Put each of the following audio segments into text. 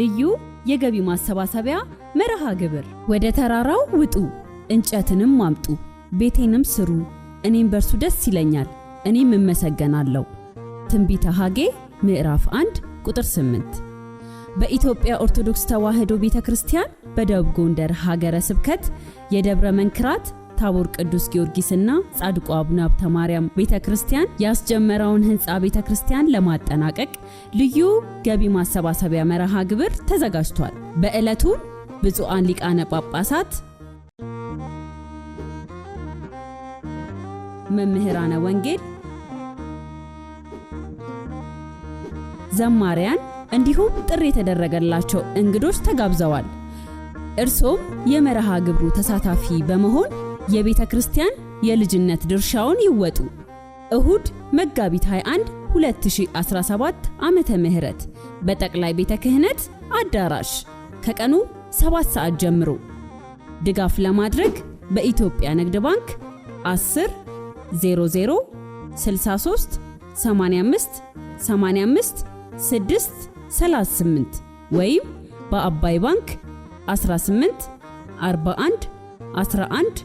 ልዩ የገቢ ማሰባሰቢያ መርሃ ግብር። ወደ ተራራው ውጡ፣ እንጨትንም አምጡ፣ ቤቴንም ስሩ፣ እኔም በርሱ ደስ ይለኛል፣ እኔም እመሰገናለሁ። ትንቢተ ሐጌ ምዕራፍ 1 ቁጥር 8። በኢትዮጵያ ኦርቶዶክስ ተዋህዶ ቤተ ክርስቲያን በደቡብ ጎንደር ሀገረ ስብከት የደብረ መንክራት ታቦር ቅዱስ ጊዮርጊስና ጻድቁ አቡነ ሀብተ ማርያም ቤተ ክርስቲያን ያስጀመረውን ህንፃ ቤተ ክርስቲያን ለማጠናቀቅ ልዩ ገቢ ማሰባሰቢያ መርሃ ግብር ተዘጋጅቷል። በዕለቱ ብፁዓን ሊቃነ ጳጳሳት፣ መምህራነ ወንጌል፣ ዘማሪያን እንዲሁም ጥሪ የተደረገላቸው እንግዶች ተጋብዘዋል። እርሶም የመርሃ ግብሩ ተሳታፊ በመሆን የቤተ ክርስቲያን የልጅነት ድርሻውን ይወጡ። እሁድ መጋቢት 21 2017 ዓመተ ምህረት በጠቅላይ ቤተ ክህነት አዳራሽ ከቀኑ 7 ሰዓት ጀምሮ ድጋፍ ለማድረግ በኢትዮጵያ ንግድ ባንክ 10 00 63 85 85 6 38 ወይም በአባይ ባንክ 18 41 11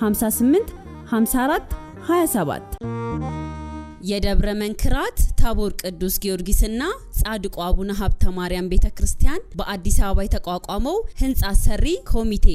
58 54 27 የደብረ መንክራት ታቦር ቅዱስ ጊዮርጊስና ጻድቁ አቡነ ሀብተ ማርያም ቤተ ክርስቲያን በአዲስ አበባ የተቋቋመው ህንፃ ሰሪ ኮሚቴ